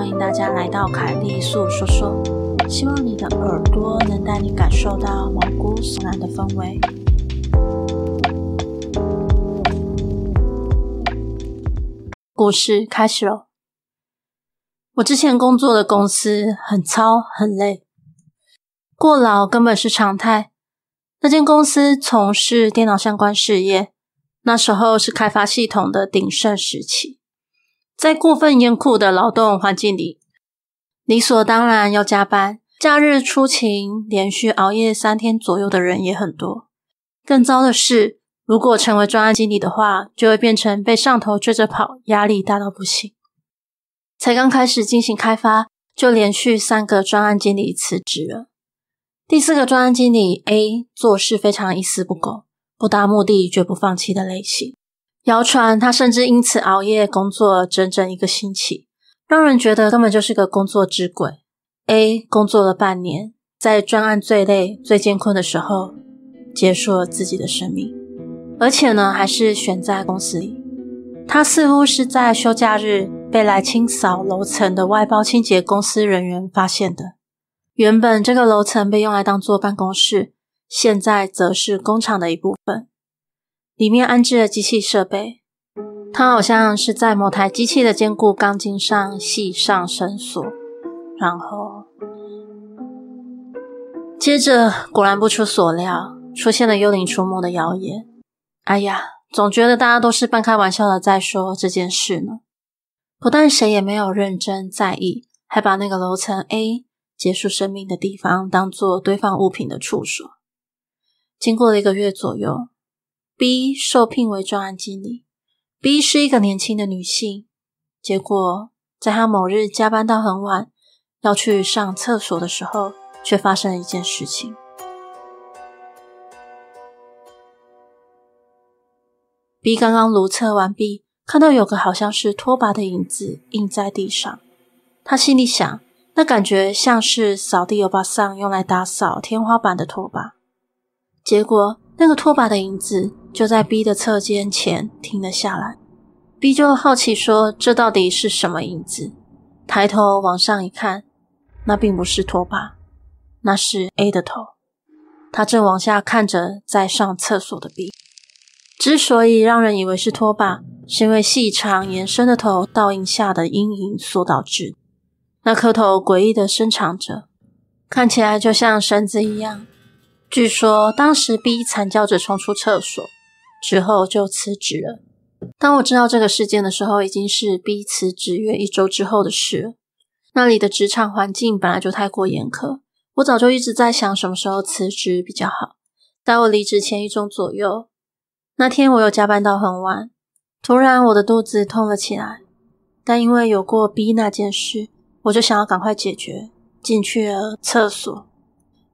歡迎大家來到凱莉粟說說，希望你的耳朵能帶你感受到毛骨悚然的氛圍。故事開始了。我之前工作的公司很糙很累，過勞根本是常態。那間公司從事電腦相關事業，那時候是開發系統的鼎盛時期。在過分嚴酷的勞動環境裡，理所當然要加班、假日出勤、連續熬夜三天左右的人也很多。更糟的是，如果成為專案經理的話，就會變成被上頭追着跑，壓力大到不行。才剛開始進行開發，就連續三個專案經理辭職了。第四個專案經理 A 做事非常一絲不苟，不達目的絕不放棄的類型。謠傳他甚至因此熬夜工作了整整一個星期，讓人覺得根本就是個工作之鬼。A，工作了半年，在專案最累、最艱困的時候，結束了自己的生命。而且呢，還是選在公司裡。他似乎是在休假日被來清掃樓層的外包清潔公司人員發現的。原本這個樓層被用來當做辦公室，現在則是工廠的一部分。裡面安置了機器設備，它好像是在某台機器的堅固鋼筋上繫上繩，繩，繩索，然後接着果然不出所料，出現了幽靈出沒的謠言。哎呀，總覺得大家都是半開玩笑的在說這件事呢，不但誰也沒有認真在意，還把那個樓層 A 結束生命的地方當做堆放物品的處所。經過了一個月左右。B 受聘為專案經理。B 是一個年輕的女性。結果，在她某日加班到很晚，要去上廁所的時候，卻發生了一件事情。B 剛剛如廁完畢，看到有個好像是拖把的影子印在地上。她心裡想，那感覺像是掃地歐巴桑用來打掃天花板的拖把。結果，那個拖把的影子就在 B 的側間前停了下來，B 就好奇說：“這到底是什麼影子？”抬頭往上一看，那並不是拖把，那是 A 的頭，他正往下看着在上廁所的 B。之所以讓人以為是拖把，是因為細長延伸的頭倒映下的陰影所導致。那顆頭詭異地伸長着，看起來就像繩子一樣。據說當時 B 慘叫着衝出廁所，之後就辭職了。當我知道這個事件的時候，已經是 B 辭職約一周之後的事了。那裡的職場環境本來就太過嚴苛，我早就一直在想什麼時候辭職比較好。待我離職前一周左右，那天我又加班到很晚，突然我的肚子痛了起來。但因為有過 B 那件事，我就想要趕快解決，進去了廁所。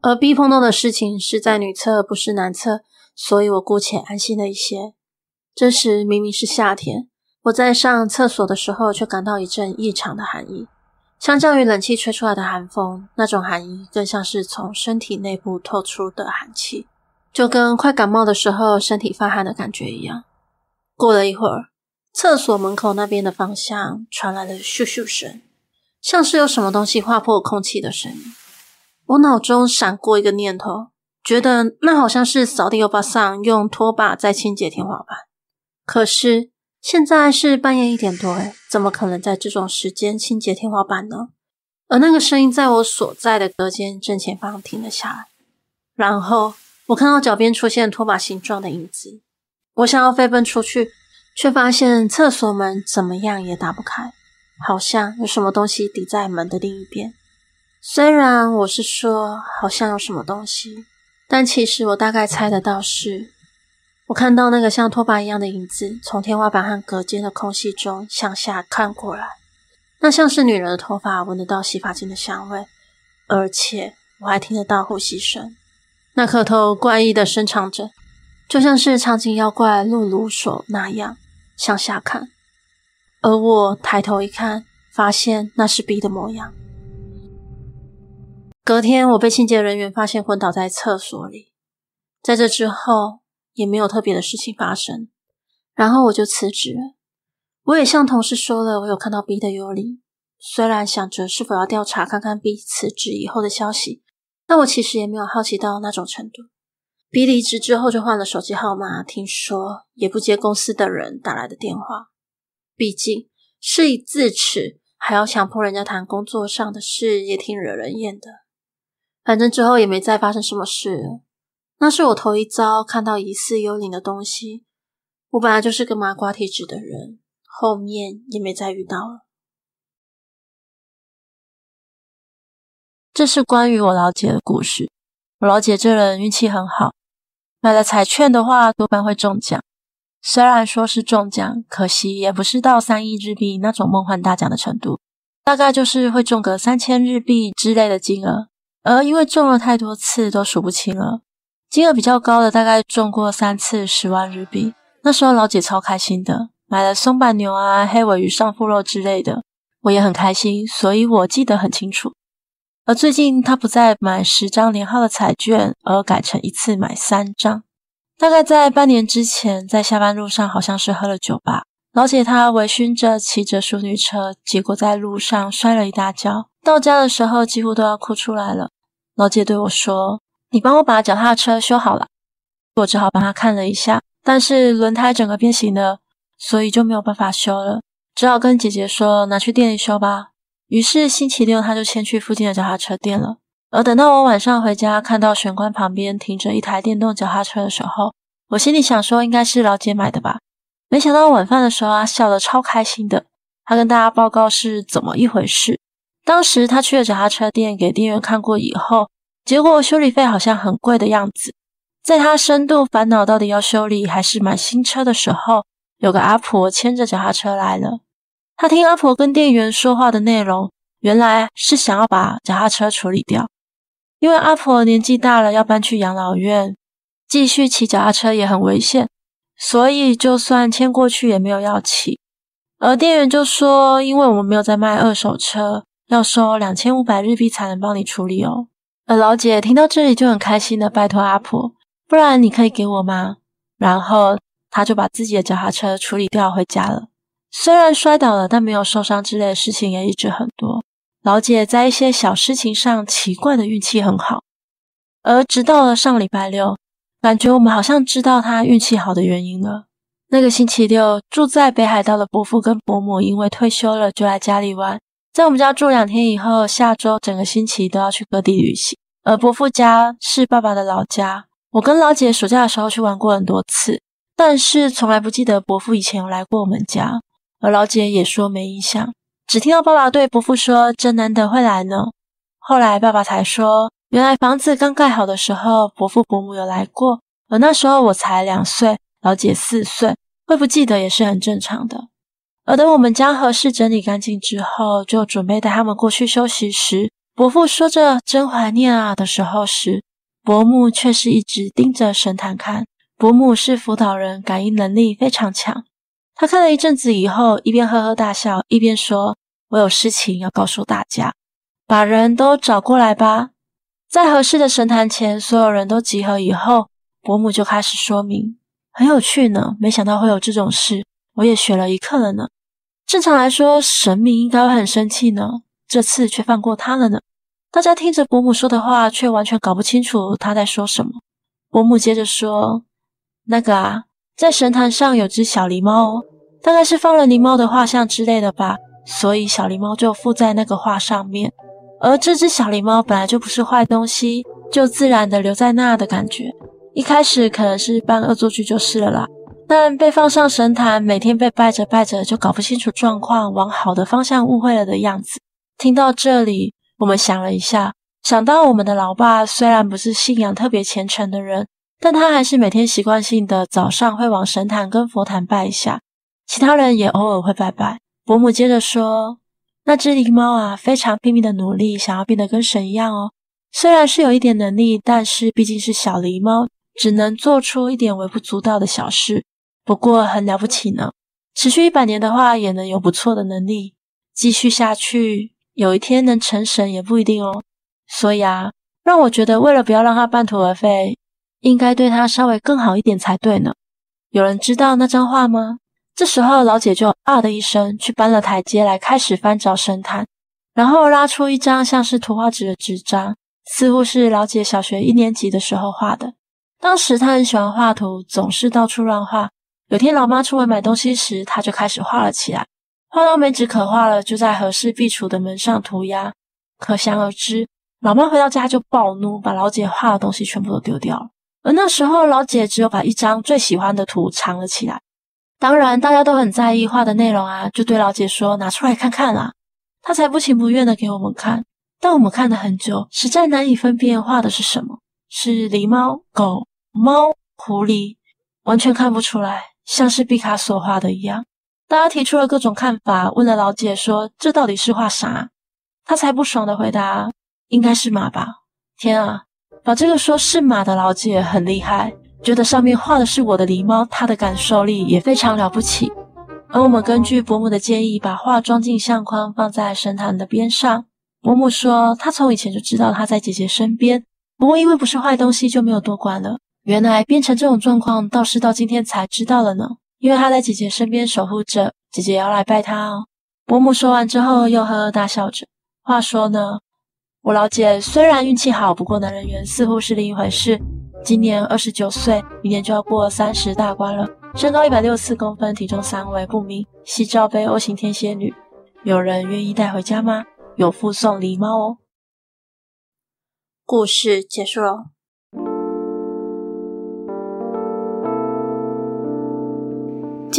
而避碰到的事情是在女廁，不是男廁，所以我姑且安心了一些。這時明明是夏天，我在上廁所的時候卻感到一陣異常的寒意。相較於冷氣吹出來的寒風，那種寒意更像是從身體內部透出的寒氣，就跟快感冒的時候身體發寒的感覺一樣。過了一會兒，廁所門口那邊的方向傳來了咻咻聲，像是有什麼東西劃破空氣的聲音。我腦中閃過一個念頭，覺得那好像是掃地歐巴桑用拖把在清潔天花板。可是現在是半夜一點多，誒怎麼可能在這種時間清潔天花板呢？而那個聲音在我所在的隔間正前方停了下來，然後我看到腳邊出現拖把形狀的影子。我想要飛奔出去，卻發現廁所門怎麼樣也打不開，好像有什麼東西抵在門的另一邊。雖然我是說好像有什麼東西，但其實我大概猜得到是，我看到那個像拖把一樣的影子從天花板和隔間的空隙中向下看過來，那像是女人的頭髮，聞得到洗髮精的香味，而且我還聽得到呼吸聲，那顆頭怪異的伸長着，就像是長頸妖怪轆轤首那樣向下看，而我抬頭一看，發現那是 B 的模樣。隔天，我被清潔人員發現昏倒在廁所裡。在這之後，也沒有特別的事情發生。然後我就辭職了。我也向同事說了，我有看到 B 的幽靈。雖然想着是否要調查看看 B 辭職以後的消息，但我其實也沒有好奇到那種程度。B 離職之後就換了手機號碼，聽說也不接公司的人打來的電話。畢竟事已至此，還要強迫人家談工作上的事，也挺惹人厭的。反正之後也沒再發生什麼事了。那是我頭一遭看到疑似幽靈的東西。我本來就是個麻瓜體質的人，後面也沒再遇到了。這是關於我老姐的故事。我老姐這人運氣很好，買了彩券的話多半會中獎。雖然說是中獎，可惜也不是到三億日幣那種夢幻大獎的程度，大概就是會中個三千日幣之類的金額。而因為中了太多次都數不清了，金額比較高的大概中過三次十萬日幣，那時候老姐超開心的，買了松阪牛啊、黑尾魚上腹肉之類的，我也很開心，所以我記得很清楚。而最近她不再買十張連號的彩券，而改成一次買三張。大概在半年之前，在下班路上好像是喝了酒吧，老姐她微醺着騎着淑女車，結果在路上摔了一大跤，到家的時候幾乎都要哭出來了。老姐對我說：“你幫我把腳踏車修好了。”我只好幫她看了一下，但是輪胎整個變形了，所以就沒有辦法修了，只好跟姐姐說：“拿去店裡修吧。”於是星期六她就先去附近的腳踏車店了。而等到我晚上回家，看到玄關旁邊停着一台電動腳踏車的時候，我心裡想說：“應該是老姐買的吧？”沒想到晚飯的時候，啊，她笑得超開心的，她跟大家報告是怎麼一回事。當時他去了腳踏車店，給店員看過以後，結果修理費好像很貴的樣子。在他深度煩惱到底要修理還是買新車的時候，有個阿婆牽着腳踏車來了。他聽阿婆跟店員說話的內容，原來是想要把腳踏車處理掉，因為阿婆年紀大了要搬去養老院，繼續騎腳踏車也很危險，所以就算牽過去也沒有要騎。而店員就說，因為我們沒有在賣二手車，要收兩千五百日幣才能幫你處理哦。而老姐聽到這裡就很開心的拜託阿婆，不然你可以給我嗎？然後她就把自己的腳踏車處理掉回家了。雖然摔倒了，但沒有受傷之類的事情也一直很多。老姐在一些小事情上奇怪的運氣很好。而直到了上禮拜六，感覺我們好像知道她運氣好的原因了。那個星期六，住在北海道的伯父跟伯母因為退休了就來家裡玩。在我們家住兩天以後，下周整個星期都要去各地旅行。而伯父家是爸爸的老家，我跟老姐暑假的時候去玩過很多次，但是從來不記得伯父以前有來過我們家。而老姐也說沒印象，只聽到爸爸對伯父說：“真難得會來呢。”後來爸爸才說，原來房子剛蓋好的時候，伯父伯母有來過，而那時候我才兩歲，老姐四歲，會不記得也是很正常的。而等我們將和室整理乾淨之後，就準備帶他們過去休息時，伯父說着“真懷念啊”的時候時，時伯母卻是一直盯着神壇看。伯母是輔導人，感應能力非常強。他看了一陣子以後，一邊呵呵大笑，一邊說：“我有事情要告訴大家，把人都找過來吧。”在和室的神壇前，所有人都集合以後，伯母就開始說明：“很有趣呢，沒想到會有這種事，我也學了一課了呢。”正常來說，神明應該會很生氣呢，這次卻放過他了呢。大家聽着伯母說的話，卻完全搞不清楚她在說什麼。伯母接着說：“那個啊，在神壇上有隻小狸貓哦，大概是放了狸貓的畫像之類的吧，所以小狸貓就附在那個畫上面。而這隻小狸貓本來就不是壞東西，就自然的留在那的感覺。一開始可能是半惡作劇就是了啦。”但被放上神壇，每天被拜着拜着就搞不清楚狀況，往好的方向誤會了的樣子。聽到這裡，我們想了一下，想到我們的老爸雖然不是信仰特別虔誠的人，但他還是每天習慣性的早上會往神壇跟佛壇拜一下，其他人也偶爾會拜拜。伯母接着說：“那只狸貓啊，非常拼命的努力，想要變得跟神一樣哦。雖然是有一點能力，但是畢竟是小狸貓，只能做出一點微不足道的小事。”不過很了不起呢，持續一百年的話也能有不錯的能力，繼續下去，有一天能成神也不一定哦。所以啊，讓我覺得為了不要讓他半途而廢，應該對他稍微更好一點才對呢。有人知道那張畫嗎？這時候老姐就啊的一聲去搬了台階來，開始翻找神壇，然後拉出一張像是圖畫紙的紙張，似乎是老姐小學一年級的時候畫的。當時她很喜歡畫圖，總是到處亂畫。有天，老媽出門買東西時，她就開始畫了起來。畫到沒紙可畫了，就在和室壁櫥的門上塗鴉。可想而知，老媽回到家就暴怒，把老姐畫的東西全部都丟掉了。而那時候，老姐只有把一張最喜歡的圖藏了起來。當然，大家都很在意畫的內容啊，就對老姐說：“拿出來看看啊。”她才不情不願的給我們看。但我們看了很久，實在難以分辨畫的是什麼——是狸貓、狗、貓、狐狸，完全看不出來。像是畢卡索畫的一樣，大家提出了各種看法，問了老姐說：“這到底是畫啥？”她才不爽地回答：“應該是馬吧。”天啊，把這個說是馬的老姐很厲害，覺得上面畫的是我的狸貓，她的感受力也非常了不起。而我們根據伯母的建議，把畫裝進相框，放在神壇的邊上。伯母說，她從以前就知道他在姐姐身邊，不過因為不是壞東西，就沒有多管了。原來變成這種狀況，倒是到今天才知道了呢。因為他在姐姐身邊守護着，姐姐要來拜他哦。伯母說完之後，又呵呵大笑着。話說呢，我老姐雖然運氣好，不過男人緣似乎是另一回事。今年二十九歲，明年就要過三十大關了。身高一百六十四公分，體重三圍不明，細罩杯 O 型天蠍女。有人願意帶回家嗎？有附送禮貌哦。故事結束嘍。